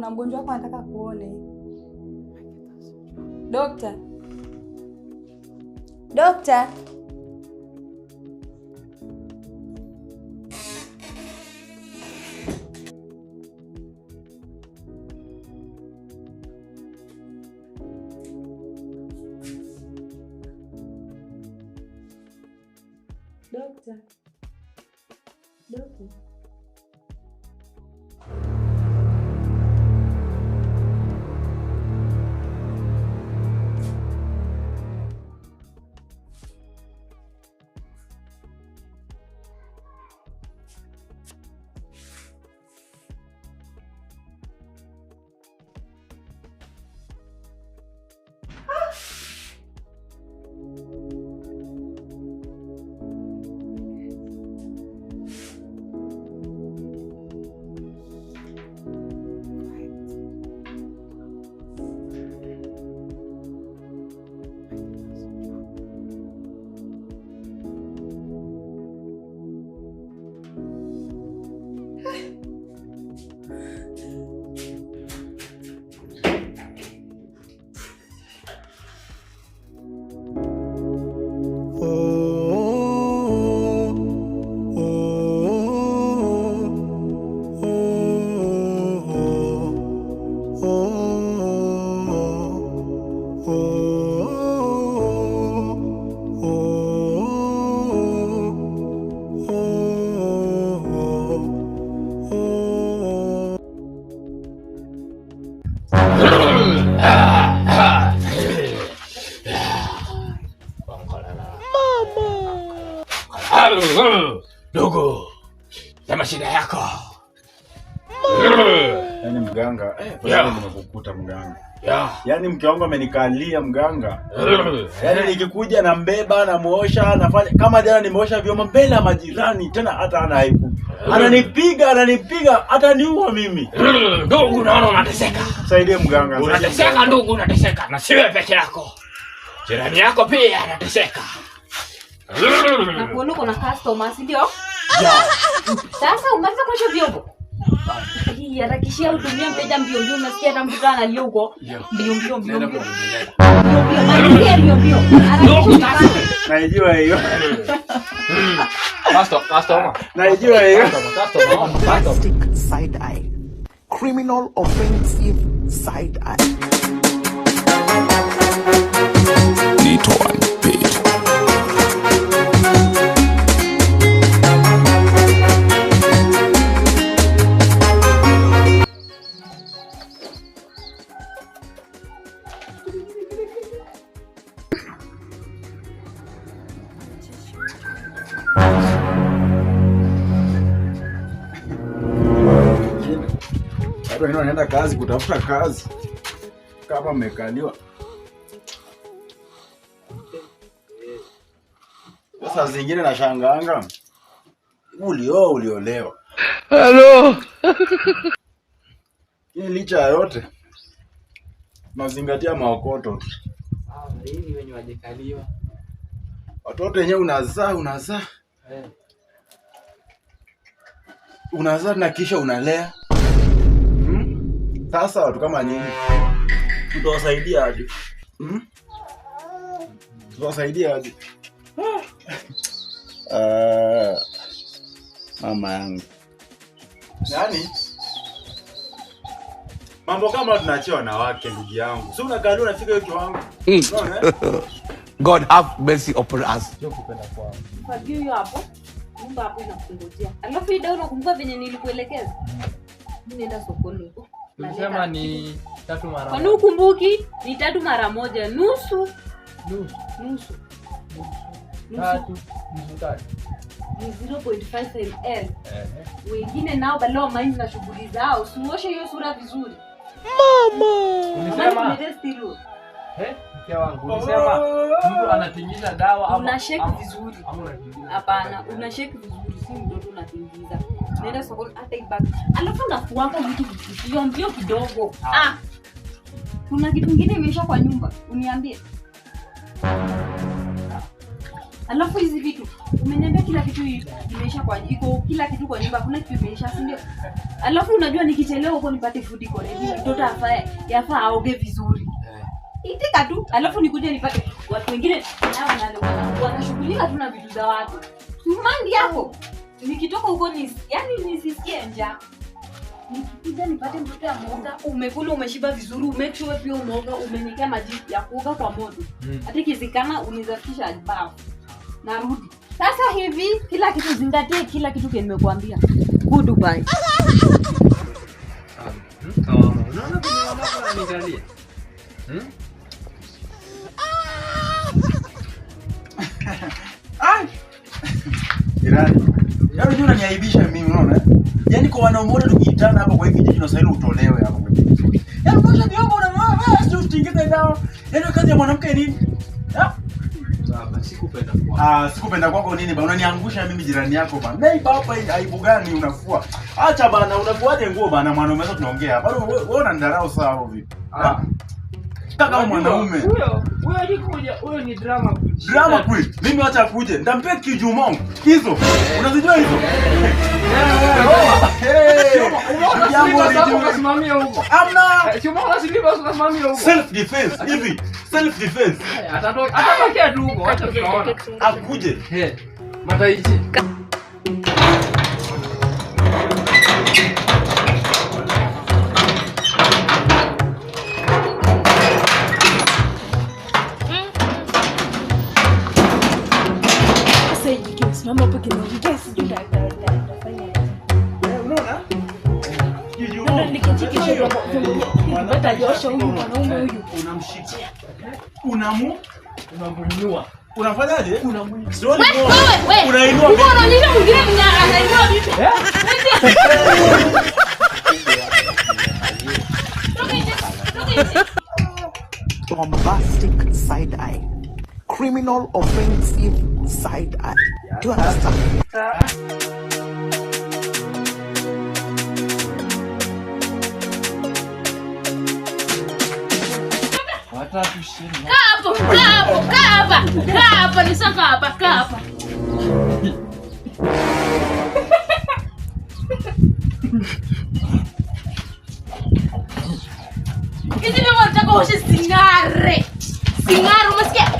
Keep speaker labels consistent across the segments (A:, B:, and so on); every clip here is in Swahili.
A: kuna mgonjwa wako anataka kuone. Dokta, dokta, dokta, dokta.
B: Eh, yeah. Yaani nimekukuta mganga yeah. Yaani mke wangu amenikalia mganga yaani nikikuja nambeba mbeba na nafanya kama jana nimeosha vyombo mbele ya majirani, tena hata ana aibu, ananipiga ananipiga hata niua mimi.
C: Ndugu naona unateseka,
B: saidie mganga.
C: Unateseka ndugu, unateseka na siwe peke yako, jirani yako pia anateseka.
A: Nakuona kuna customers ndio sasa, umaliza kuosha vyombo harakishia utumie mteja mbio mbio, unasikia hata mtoto analia huko mbio mbio mbio mbio mbio mbio.
B: Naijua hiyo naijua hiyo.
D: Plastic side eye, criminal offensive side eye. Nitoa
B: watu wengine wanaenda kazi kutafuta kazi, kama mmekaliwa sasa. zingine na shanganga ulioa uliolewa. Hello. Hii licha ya yote nazingatia maokoto watoto wenyewe unazaa unazaa eh. unazaa na kisha unalea sasa watu kama nyinyi tutawasaidia aje? Hmm? Tutawasaidia aje? Uh, eh, mama yangu yaani mambo kama tunachia wanawake, ndugu yangu, si unakalia unafika hiyo kiwango. Hmm.
E: Eh? God have mercy upon us.
A: Hapo nyumba hapo inakungojea, alafu ida, unakumbuka venye nilikuelekeza? Hmm. Nenda sokoni huko
B: tulisema ni tatu mara
A: kwani ukumbuki? Ni tatu mara moja nusu nusu nusu
B: nusu tatu
A: ni 0.5 ml. Wengine nao balao mind na shughuli zao, siuoshe hiyo sura vizuri
B: mama. wangu mtu dawa
A: unashake vizuri? Hapana, unashake vizuri si mdoto unatingiza sokoni hata ibaki alafu nafuanga vitu vio mbio kidogo ah. Ah. kuna kitu ingine imeisha kwa nyumba uniambie alafu hizi vitu umeniambia kila kitu imeisha kwa iko kila kitu kwa nyumba kuna kitu imeisha si ndio alafu unajua nikichelewa huko nipate food college mtoto afaa yafaa aoge vizuri eh. itika tu alafu nikuja nipate watu wengine nao wanashughulika tu na vitu za watu mandi yako nikitoka huko ni yani nisisikie nja nikipija nipate mtoto ya moga umekula umeshiba vizuri umekshua pia umeoga umenyekea maji ya kuoga kwa moto mm. hata ikizikana unizafisha bafu narudi sasa hivi kila kitu zingatie kila kitu kenimekuambia goodbye
B: Ah! Hmm? Yaani ndio unaniaibisha mimi unaona? Yaani kwa wanaume wote tukiitana hapa kwa hivi kitu tunastahili utolewe hapa. Yaani kwa sababu yako unaona ah, wewe sio utingeze nao. Yaani kazi ya mwanamke ni nini?
F: Sawa, sikupenda kwa.
B: Ah, sikupenda kwako nini bana? Unaniangusha mimi jirani yako bana. baba hii aibu gani unafua? Acha bana, unafuaje nguo bana mwanaume sasa tunaongea. Bado wewe unanidharau sawa vipi? Ah kaka wa mwanaume.
G: Huyo huyo alikuja, huyo ni drama queen.
B: Drama queen. Mimi acha akuje. Ndampe kijumong. Hizo. Unazijua hizo? Eh, Self defense hivi. Self defense.
G: Eh, atatokea tu huko. Acha
B: tunaona. Akuje. Eh,
G: mataichi.
A: Simama hapo kinaongea, sijui Ndio
D: Bombastic side eye criminal offensive side eye. Do you understand?
A: Hizi vyombo nataka ushe singare. Singare, umesikia?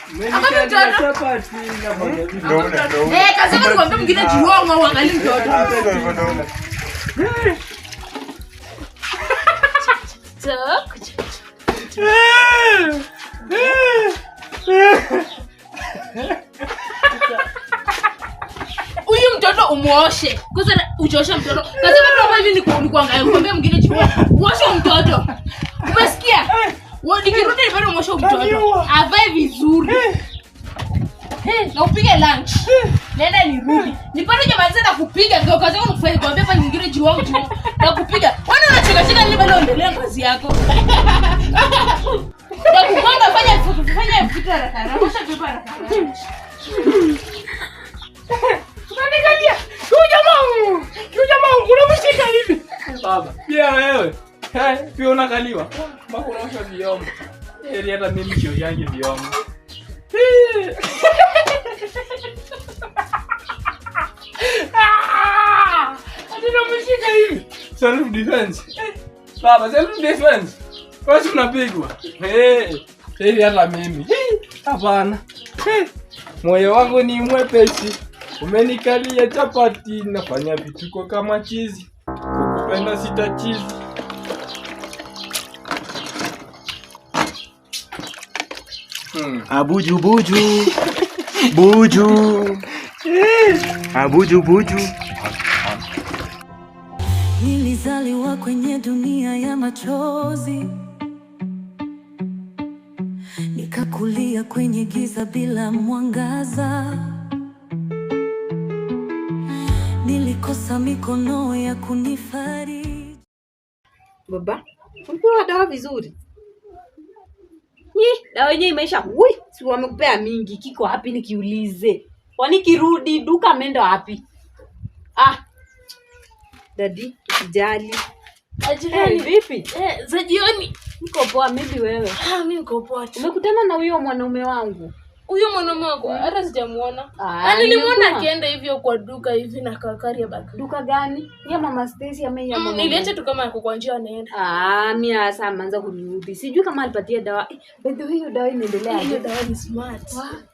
A: Kasema nikwambia mwingine mtoto. Huyu mtoto umuoshe. Kwanza uchoshe mtoto. Kasema hivi ni kuangalia, nikwambia mwingine jiuongo. Uoshe mtoto. Umesikia? Eh. Nikirudi nipate mwosha mtoto avae vizuri eh. Eh, na upige lunch, eh. nenda nirudi nipate jamani, na kupiga ndio kazi yangu, kufanya kuambia fanya mwingine juu wangu juu na kupiga. Wewe unacheka cheka nini? Bado endelea kazi yako na kupanga, fanya vitu, fanya vitu haraka haraka, osha vitu haraka haraka. Tunaangalia huyu jamaa huyu jamaa hivi
B: baba, pia wewe pia unakaliwa. Mbona unaosha vyombo? Heri hata mimi vyombo.
A: Ah! Atinamshika hivi.
B: Self defense. Baba, self defense. Basi unapigwa. Heri hata mimi. Hapana. Moyo wangu ni mwepesi. Umenikalia chapati, nafanya vituko kama chizi. Kukupenda chizi
E: Mm. Abuju buju. buju. Abuju buju. Nilizaliwa kwenye dunia ya machozi. Nikakulia
A: kwenye giza bila mwangaza. Nilikosa mikono ya kunifari Baba, umepewa dawa vizuri dawa yenyewe imeisha. Si wamekupea mingi, kiko wapi? Nikiulize kwani kirudi duka ameenda wapi? Ah, dadi kijali Hey, eh, eh, vipi eh, za jioni? Niko poa, mimi wewe? Ah, mimi niko poa. Umekutana na huyo mwanaume wangu huyo mwanaume wako hata sijamuona. Yaani ah, nilimwona akienda hivyo kwa duka hivi na kakari ya baki. Duka gani? Ya mama Stacy ama ya mm, tu kama kwa njia anaenda. Ah, mimi ameanza kuniudhi. Sijui kama alipatia dawa. Eh, by hiyo dawa inaendelea. Hiyo dawa ni smart.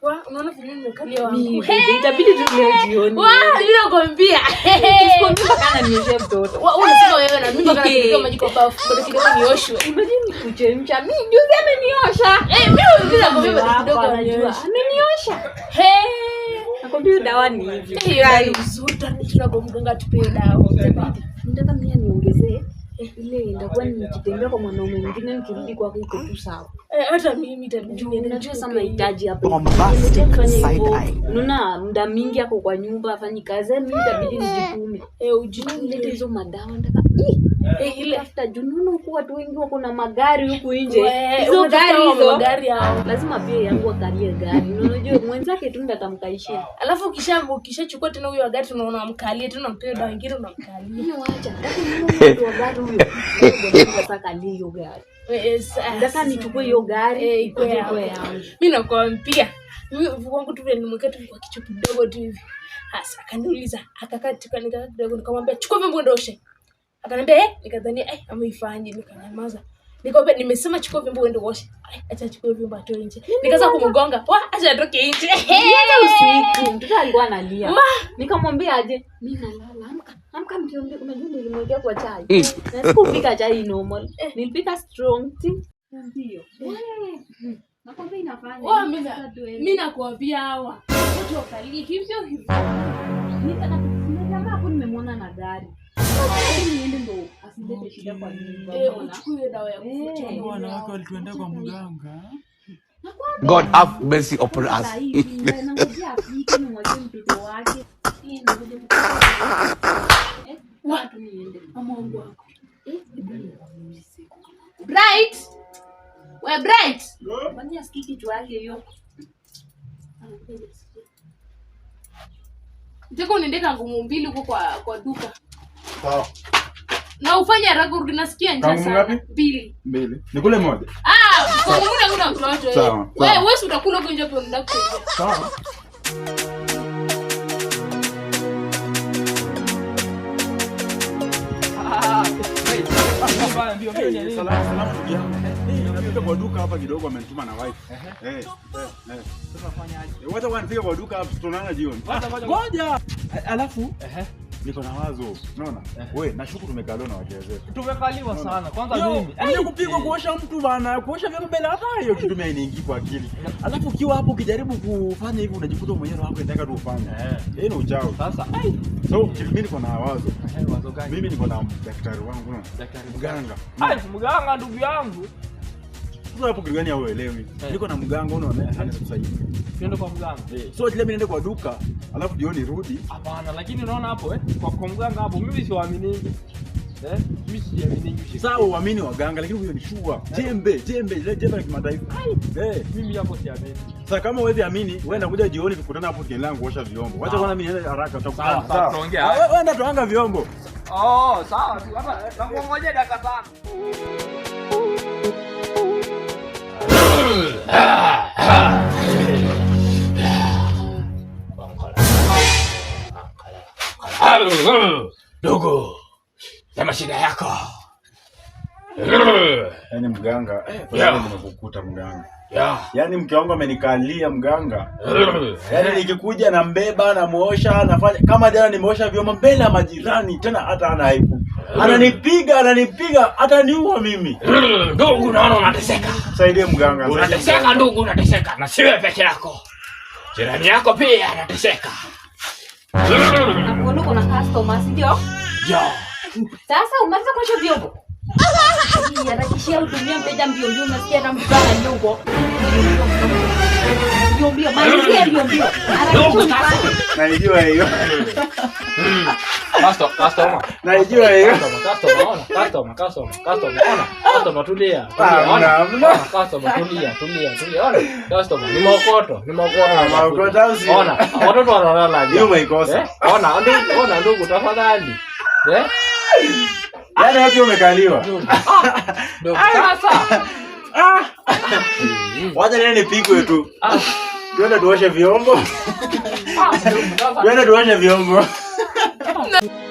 A: Wa, unaona vile nimekalia wangu. Itabidi tu leo jioni. Wa, ninakwambia. Ninakwambia kana nioshe mtoto. Wa, unasema wewe na mimi kana nipika maji kwa bafu. Kwa kidogo nioshwe. Imagine nikuchemsha. Mimi ndio sema Eh, mimi ndio nakwambia kidogo niosha ameniosha nakwambia hiyo dawa ni hivyo tunagomgonga tupee dawa nataka mia niongezee ile itakuwa nikitembea kwa mwanaume mwingine nikirudi kwako iko tu sawa Eh, hata mimi yaani najua sana mahitaji Nuna muda mingi ako kwa nyumba afanyi kazi yaani mi itabidi nijitume eh, nilete hizo madawa nataka. Eh, eh, ile after jununu huku watu wengi wako na magari huku nje, hizo gari hizo gari hao lazima pia yangu akalie gari, unajua mwenzake tu ndatamkaishia. Alafu kisha ukishachukua tena huyo gari, tunaona mkalie tena, mpewe dawa nyingine, unamkalia ni waacha sasa, kalie hiyo gari sasa, eh, nichukue hiyo gari ikoje kwa Mimi nakwambia wangu tu vile nimwekea kwa kichwa kidogo tu hivi, hasa akaniuliza, akakaa kidogo, nikamwambia chukua vyombo ndoshe Akaniambia eh, nikadhania eh, ameifanyaje? Nikanyamaza. Nikamwambia nimesema chukua vyombo uende wash. Acha chukua vyombo atoe nje. Nikaanza kumgonga. Wa, acha atoke nje. Hata usiku mtoto alikuwa analia. Nikamwambia aje, mimi nalala. Amka. Amka mtiombe, unajua nilimwekea kwa chai. Na sikupika chai normal. Nilipika strong tea. Ndio. Nakwambia inafanya. Mimi nakuambia hawa. Watu wakalii hivyo hivyo. Nitakaposimama hapo nimemwona na gari kwa wanawake walituenda kwa mganga.
E: God have mercy upon us.
A: Bright. We Bright. Kwani asikii ngumu mbili huko kwa kwa duka. Na ufanye ragu rudi nasikia njaa sana. Mbili.
B: Mbili. Nikule moja.
A: Ah, kwa nini una mtoto wewe? Wewe wewe utakula huko nje kwa muda Sawa.
B: Kwa duka hapa kidogo amenituma na wife. Eh. Eh. Sasa fanyaje? Wote kwa duka hapa tunaona jioni. Ngoja. Alafu, eh niko na wazo, unaona eh. we nashuku tumekaa na wachezaji wetu,
G: tumekaliwa sana. Kwanza mimi
B: ni kupigwa kuosha mtu bana, kuosha vyombo mbele hata hiyo kitu mimi inaingia kwa akili, alafu ukiwa hapo ukijaribu kufanya hivi unajikuta mwenyewe wako unataka tu ufanye eh, ni uchao sasa. So mimi niko na wazo. Eh, wazo gani? Mimi niko na daktari wangu, daktari mganga,
G: mganga ndugu yangu
B: sasa hapo kitu gani hauelewi? Niko na mganga unaona anakusaidia. Niende kwa mganga. So ile mimi niende kwa duka, alafu jioni rudi.
G: Hapana, lakini unaona hapo eh, kwa kwa mganga hapo mimi siwaamini. Eh, mimi siamini hiyo.
B: Sawa, uamini waganga lakini huyo ni shua. Jembe, jembe, ile jembe la kimataifa.
G: Eh, mimi hapo siamini.
B: Sasa kama wewe amini, wewe nakuja jioni tukutana hapo kwenye lango osha vyombo. Wacha kwanza mimi niende haraka tutakutana. Sawa, tunaongea. Wewe nenda tuanga vyombo.
G: Oh, sawa Hapa ngoja dakika 5.
C: dogo sema shida yako.
B: Yaani mganga eh, nimekukuta mganga, yaani mke wangu amenikalia mganga, yaani nikikuja na mbeba na muosha nafanya kama jana nimeosha vyombo mbele ya majirani, tena hata ana aibu, ananipiga ananipiga, hata niua mimi.
C: Ndugu naona unateseka,
B: saidie mganga.
C: Unateseka ndugu, unateseka na siwe peke yako, jirani yako pia anateseka
A: kuna customers, ndio? Yeah. Sasa umaliza kuosha vyombo. Harakishia hudumia mteja mbio mbio, nasikia na mvulana nyongo mbio mbio, malizia mbio mbio,
B: naijua hiyo.
F: Customer, customer,
B: naijua hiyo.
F: Customer, customer, customer, customer, ona, customer, tulia, ona, customer, tulia, tulia, tulia, ona, customer, ni mokoto, ni mokoto,
B: ah, mokoto,
F: ona, watoto wanalala
B: hiyo, umeikosa, eh?
F: ona, ona, ndugu, tafadhali, eh,
B: yani hapo umekaliwa, ndugu,
A: ah, sasa ah.
B: Wacha nene nipigwe tu. Tuende tuoshe vyombo. Tuende ah, tuoshe vyombo.